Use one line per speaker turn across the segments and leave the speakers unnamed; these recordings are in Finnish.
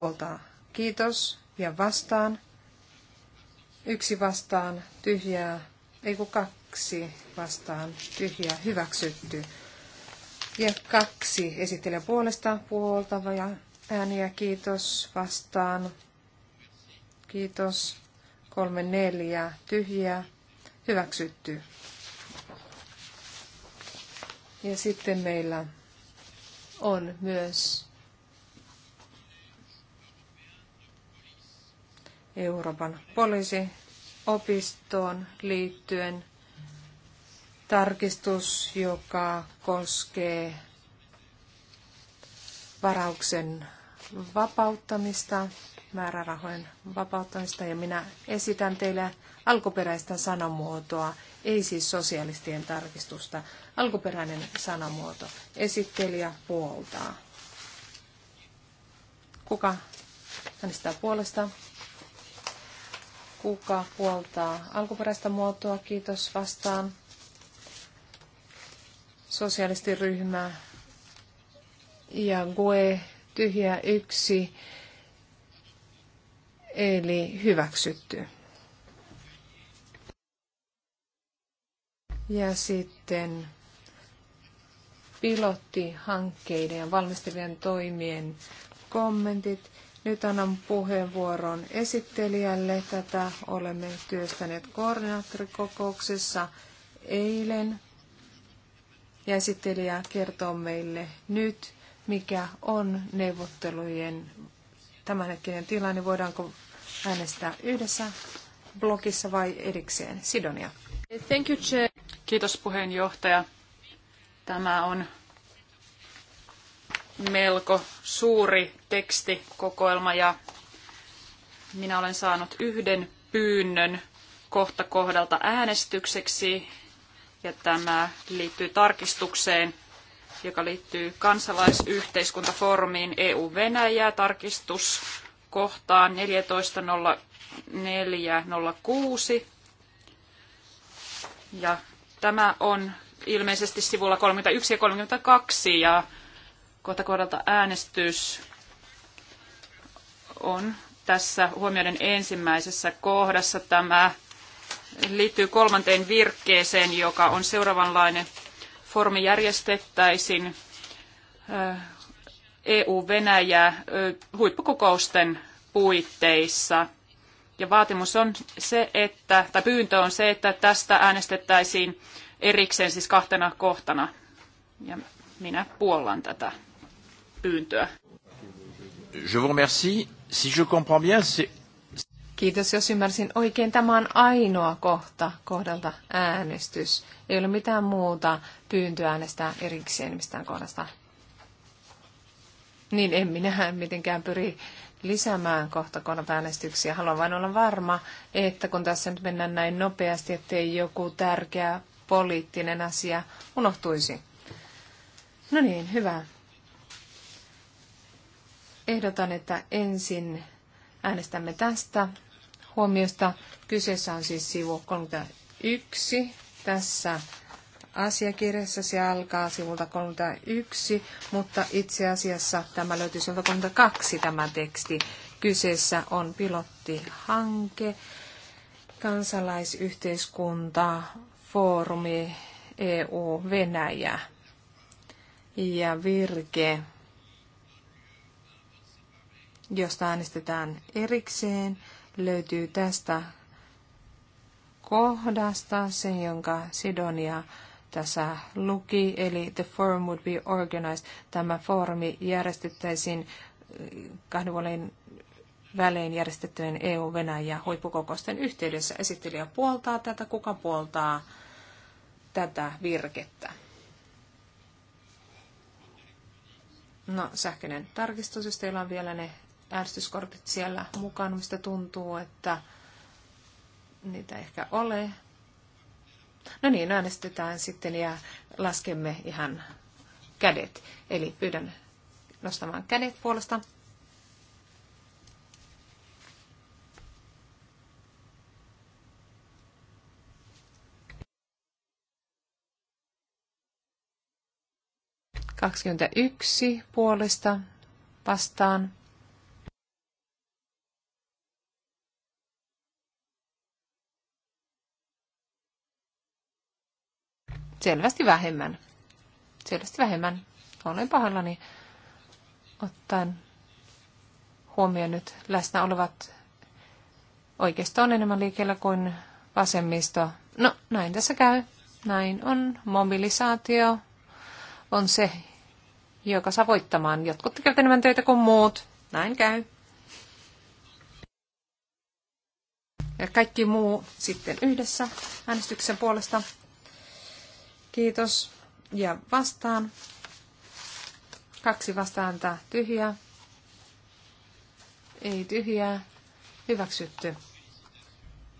puoltaa kiitos ja vastaan. Yksi vastaan tyhjää, ei kun kaksi vastaan tyhjää hyväksytty. Ja kaksi esittelee puolesta puolta ja ääniä kiitos vastaan. Kiitos. Kolme neljä tyhjää hyväksytty. Ja sitten meillä on myös Euroopan poliisiopistoon liittyen tarkistus, joka koskee varauksen vapauttamista, määrärahojen vapauttamista, ja minä esitän teille alkuperäistä sanamuotoa, ei siis sosialistien tarkistusta, alkuperäinen sanamuoto, esittelijä puoltaa. Kuka äänestää puolesta? Kuka puoltaa alkuperäistä muotoa? Kiitos vastaan. Sosialistiryhmä ja GUE tyhjä yksi, eli hyväksytty. Ja sitten pilottihankkeiden ja valmistavien toimien kommentit. Nyt annan puheenvuoron esittelijälle. Tätä olemme työstäneet koordinaattorikokouksessa eilen. Ja esittelijä kertoo meille nyt, mikä on neuvottelujen tämänhetkinen tilanne. Voidaanko äänestää yhdessä blogissa vai erikseen? Sidonia.
Thank you, Chair. Kiitos puheenjohtaja. Tämä on melko suuri tekstikokoelma ja minä olen saanut yhden pyynnön kohta kohdalta äänestykseksi ja tämä liittyy tarkistukseen, joka liittyy kansalaisyhteiskuntafoorumiin EU-Venäjää tarkistuskohtaan kohtaan 14.04.06. Ja tämä on ilmeisesti sivulla 31 ja 32 ja kohta kohdalta äänestys on tässä huomioiden ensimmäisessä kohdassa. Tämä liittyy kolmanteen virkkeeseen, joka on seuraavanlainen. Formi järjestettäisiin EU-Venäjä eh, e eh, huippukokousten puitteissa. Ja vaatimus on se, että, tai pyyntö on se, että tästä äänestettäisiin erikseen siis kahtena kohtana. Ja minä puollan tätä pyyntöä. Je vous remercie. Si je comprends bien, c'est...
Kiitos, jos ymmärsin oikein. Tämä on ainoa kohta kohdalta äänestys. Ei ole mitään muuta pyyntöä äänestää erikseen mistään kohdasta. Niin en minähän mitenkään pyri lisäämään kohta kohdalta äänestyksiä. Haluan vain olla varma, että kun tässä nyt mennään näin nopeasti, ettei joku tärkeä poliittinen asia unohtuisi. No niin, hyvä ehdotan, että ensin äänestämme tästä huomiosta. Kyseessä on siis sivu 31 tässä asiakirjassa. Se alkaa sivulta 31, mutta itse asiassa tämä löytyy sivulta 32 tämä teksti. Kyseessä on pilottihanke, kansalaisyhteiskunta, foorumi EU-Venäjä ja virke josta äänestetään erikseen, löytyy tästä kohdasta, se jonka Sidonia tässä luki, eli the forum would be organized. Tämä foorumi järjestettäisiin eh, kahden vuoden välein järjestettyjen EU-Venäjä huippukokousten yhteydessä. Esittelijä puoltaa tätä, kuka puoltaa tätä virkettä. No, sähköinen tarkistus, jos teillä on vielä ne äänestyskortit siellä mukaan, mistä tuntuu, että niitä ehkä ole. No niin, äänestetään sitten ja laskemme ihan kädet. Eli pyydän nostamaan kädet puolesta. yksi puolesta vastaan selvästi vähemmän. Selvästi vähemmän. Olen pahallani ottaen huomioon nyt läsnä olevat oikeisto on enemmän liikkeellä kuin vasemmisto. No, näin tässä käy. Näin on. Mobilisaatio on se, joka saa voittamaan. Jotkut tekevät enemmän töitä kuin muut. Näin käy. Ja kaikki muu sitten yhdessä äänestyksen puolesta Kiitos. Ja vastaan. Kaksi vastaantaa tyhjää. Ei tyhjää. Hyväksytty.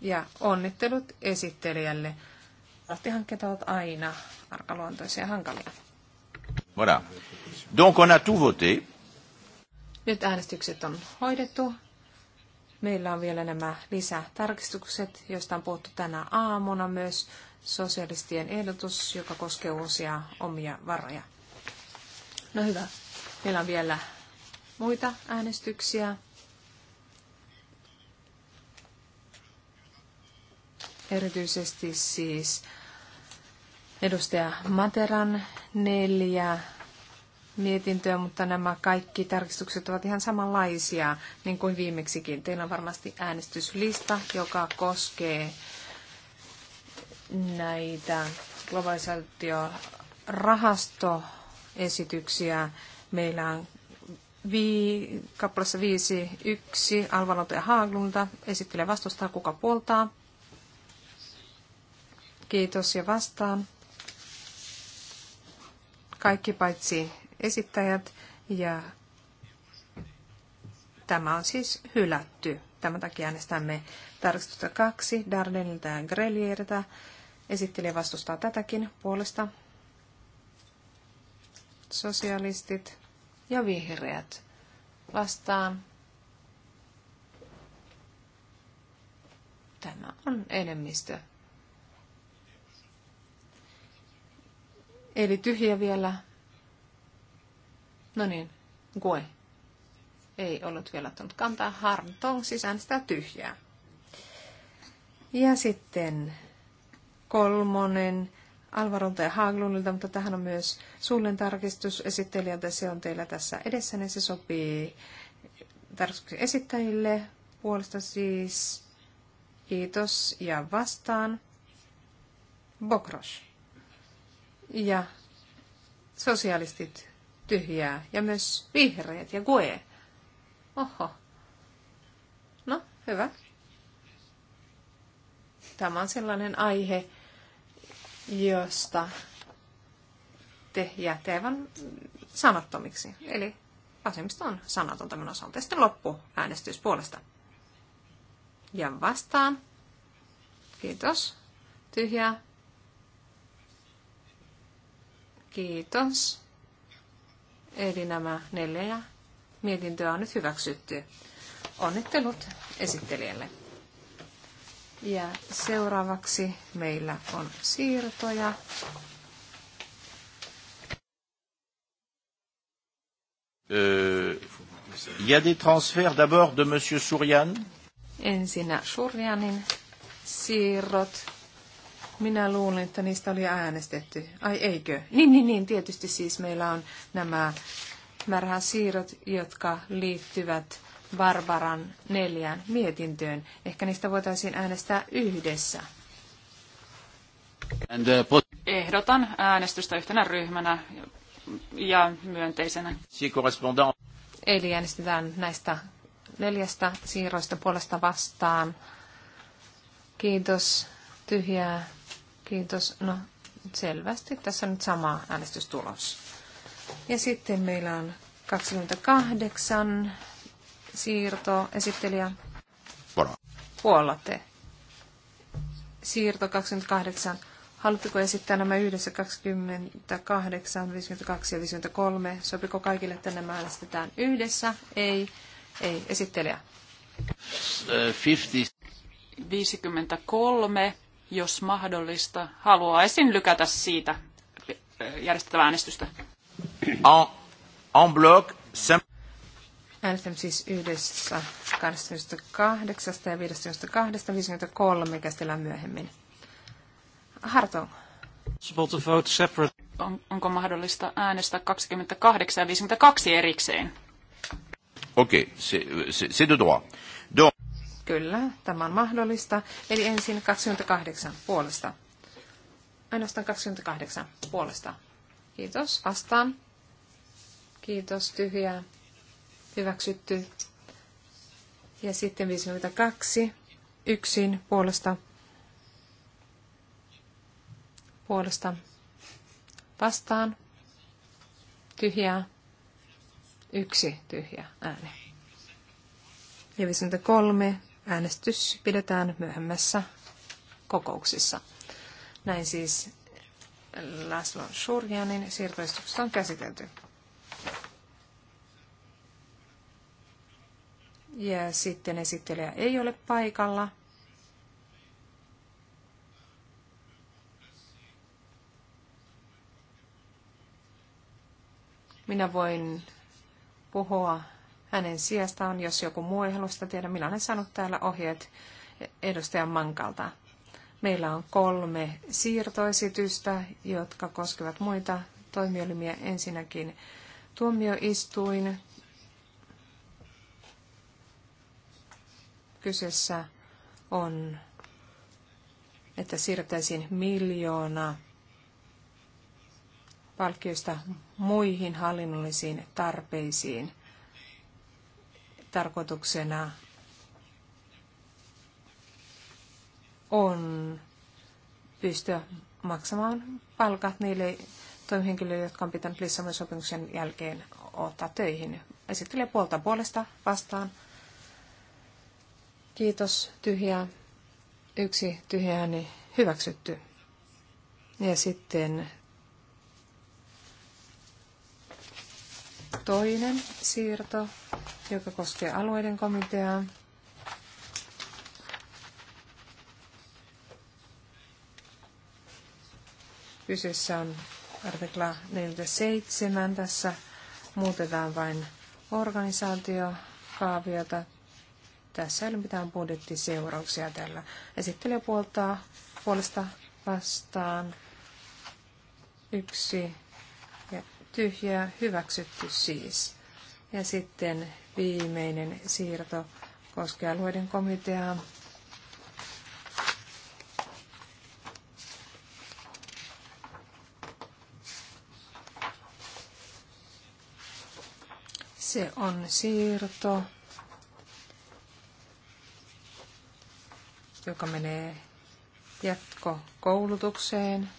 Ja onnittelut esittelijälle. Rahtihankkeet ovat aina arkaluontoisia ja hankalia. Voilà. Donc on a tout voté. Nyt äänestykset on hoidettu. Meillä on vielä nämä lisätarkistukset, joista on puhuttu tänä aamuna myös sosialistien ehdotus, joka koskee uusia omia varoja. No hyvä. Meillä on vielä muita äänestyksiä. Erityisesti siis edustaja Materan neljä mietintöä, mutta nämä kaikki tarkistukset ovat ihan samanlaisia, niin kuin viimeksikin. Teillä on varmasti äänestyslista, joka koskee näitä globalisaatiorahastoesityksiä. Meillä on vii, kappalassa 5, 1, Alvalonta ja Haaglunta. Esittelee vastustaa, kuka puoltaa. Kiitos ja vastaan. Kaikki paitsi esittäjät ja tämä on siis hylätty. Tämän takia äänestämme tarkistusta kaksi Dardenilta ja Grelieriltä. Esittelijä vastustaa tätäkin puolesta. Sosialistit ja vihreät vastaan. Tämä on enemmistö. Eli tyhjä vielä No niin, Gue. Ei ollut vielä ottanut kantaa. Harmtong sisään sitä tyhjää. Ja sitten kolmonen Alvarolta ja Haglundilta, mutta tähän on myös suullinen tarkistus esittelijältä. Se on teillä tässä edessä, niin se sopii tarkistuksen esittäjille. Puolesta siis kiitos ja vastaan. Bokros. Ja sosialistit tyhjää ja myös vihreät ja GUE. Oho. No, hyvä. Tämä on sellainen aihe, josta te jäätte aivan sanattomiksi. Eli vasemmisto on sanaton tämän osalta. Ja sitten loppu äänestys puolesta. Ja vastaan. Kiitos. Tyhjää. Kiitos. Eli nämä neljä mietintöä on nyt hyväksytty. Onnittelut esittelijälle. Ja seuraavaksi meillä on siirtoja. Il euh, y a des transferts d'abord de Monsieur Sourian. Ensinnä Sourianin siirrot minä luulen, että niistä oli äänestetty. Ai eikö? Niin, niin, niin. Tietysti siis meillä on nämä märhän siirrot, jotka liittyvät Barbaran neljään mietintöön. Ehkä niistä voitaisiin äänestää yhdessä.
Uh, Ehdotan äänestystä yhtenä ryhmänä ja myönteisenä.
Eli äänestetään näistä neljästä siirroista puolesta vastaan. Kiitos. Tyhjää Kiitos. No, selvästi. Tässä on nyt sama äänestystulos. Ja sitten meillä on 28 siirto, esittelijä. Puola. Puolatte. Siirto 28. Haluatteko esittää nämä yhdessä 28, 52 ja 53? Sopiko kaikille, että nämä äänestetään yhdessä? Ei. Ei. Esittelijä. 50.
53 jos mahdollista, haluaisin lykätä siitä eh, järjestettävää äänestystä. En, en bloc, sem-
Äänestämme siis yhdessä 28 ja 52, 53 käsitellään myöhemmin. Harto. Hartong.
On, onko mahdollista äänestää 28 ja 52 erikseen?
Okei, okay, se de droit. Donc...
Kyllä, tämä on mahdollista. Eli ensin 28
puolesta. Ainoastaan 28 puolesta. Kiitos. Vastaan. Kiitos. Tyhjää. Hyväksytty. Ja sitten 52. Yksin puolesta. Puolesta. Vastaan. Tyhjää. Yksi tyhjä ääni. Ja 53 äänestys pidetään myöhemmässä kokouksissa. Näin siis Laszlo Shurjanin siirtoistuksesta on käsitelty. Ja sitten esittelijä ei ole paikalla. Minä voin puhua hänen sijastaan, jos joku muu ei halua sitä tiedä. Minä olen saanut täällä ohjeet edustajan Mankalta. Meillä on kolme siirtoesitystä, jotka koskevat muita toimielimiä. Ensinnäkin tuomioistuin. Kyseessä on, että siirtäisin miljoona palkkiosta muihin hallinnollisiin tarpeisiin tarkoituksena on pystyä maksamaan palkat niille toimihenkilöille, jotka on pitänyt Lissabonin sopimuksen jälkeen ottaa töihin. Esittelee puolta puolesta vastaan. Kiitos, tyhjä, Yksi tyhjä niin hyväksytty. Ja sitten toinen siirto joka koskee alueiden komiteaa. Kyseessä on artikla 47. Tässä muutetaan vain organisaatiokaaviota. Tässä ei ole mitään budjettiseurauksia tällä. Esittelijä puoltaa puolesta vastaan yksi ja tyhjä hyväksytty siis. Ja sitten viimeinen siirto koskealueiden komiteaan. Se on siirto, joka menee jatkokoulutukseen.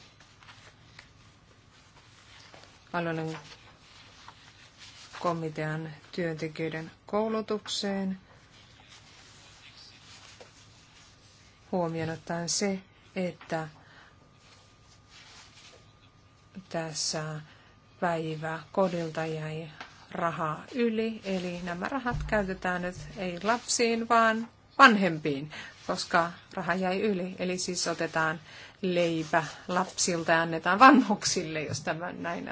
Alueellinen komitean työntekijöiden koulutukseen. Huomioon ottaen se, että tässä päivä kodilta jäi rahaa yli, eli nämä rahat käytetään nyt ei lapsiin, vaan vanhempiin, koska raha jäi yli. Eli siis otetaan leipä lapsilta ja annetaan vanhuksille, jos tämä näin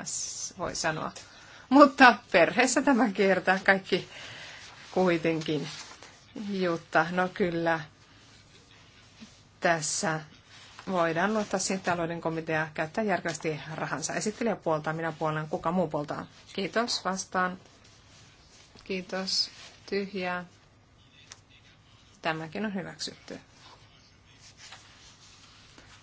voi sanoa. Mutta perheessä tämä kertaa kaikki kuitenkin. Jutta, no kyllä tässä voidaan luottaa siihen, että talouden komitea käyttää järkevästi rahansa. Esittelijä puoltaa, minä puolen, kuka muu puoltaa. Kiitos, vastaan. Kiitos, tyhjää. Tämäkin on hyväksytty.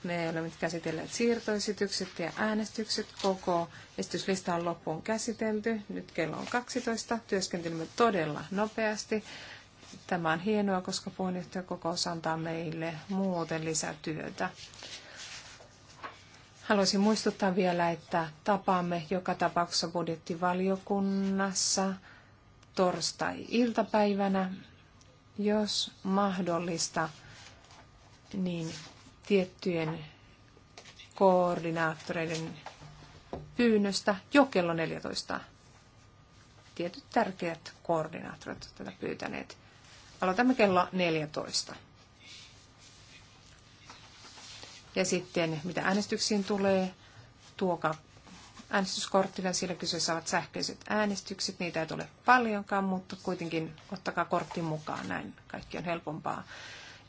Me olemme käsitelleet siirtoesitykset ja äänestykset. Koko esityslista on loppuun käsitelty. Nyt kello on 12. Työskentelimme todella nopeasti. Tämä on hienoa, koska puheenjohtajakokous antaa meille muuten lisätyötä. Haluaisin muistuttaa vielä, että tapaamme joka tapauksessa budjettivaliokunnassa torstai-iltapäivänä, jos mahdollista, niin tiettyjen koordinaattoreiden pyynnöstä jo kello 14. Tietyt tärkeät koordinaattorit ovat tätä pyytäneet. Aloitamme kello 14. Ja sitten mitä äänestyksiin tulee, tuoka äänestyskorttina, sillä kyseessä ovat sähköiset äänestykset. Niitä ei tule paljonkaan, mutta kuitenkin ottakaa kortti mukaan, näin kaikki on helpompaa.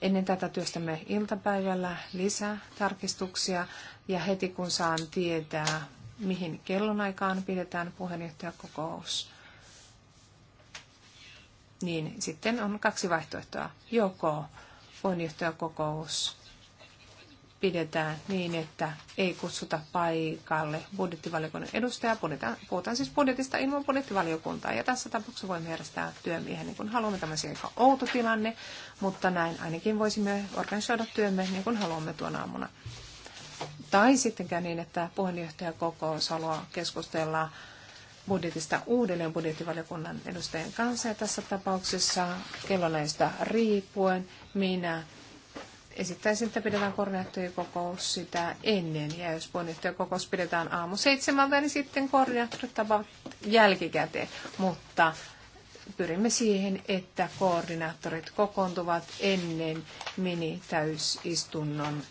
Ennen tätä työstämme iltapäivällä lisää tarkistuksia ja heti kun saan tietää, mihin kellonaikaan pidetään puheenjohtajakokous, niin sitten on kaksi vaihtoehtoa. Joko puheenjohtajakokous pidetään niin, että ei kutsuta paikalle budjettivaliokunnan edustajaa. Puhutaan, siis budjetista ilman budjettivaliokuntaa. Ja tässä tapauksessa voimme järjestää työmiehen niin kuin haluamme. Tämä on siis aika outo tilanne, mutta näin ainakin voisimme organisoida työmme niin kuin haluamme tuona aamuna. Tai sittenkään niin, että koko haluaa keskustella budjetista uudelleen budjettivaliokunnan edustajien kanssa. Ja tässä tapauksessa näistä riippuen minä esittäisin, että pidetään kokous sitä ennen. Ja jos kokous pidetään aamu seitsemältä, niin sitten koordinaattorit tapaavat jälkikäteen. Mutta pyrimme siihen, että koordinaattorit kokoontuvat ennen mini-täysistunnon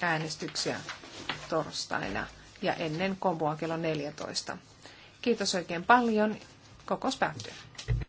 äänestyksiä torstaina ja ennen komboa kello 14. Kiitos oikein paljon. Kokous päättyy.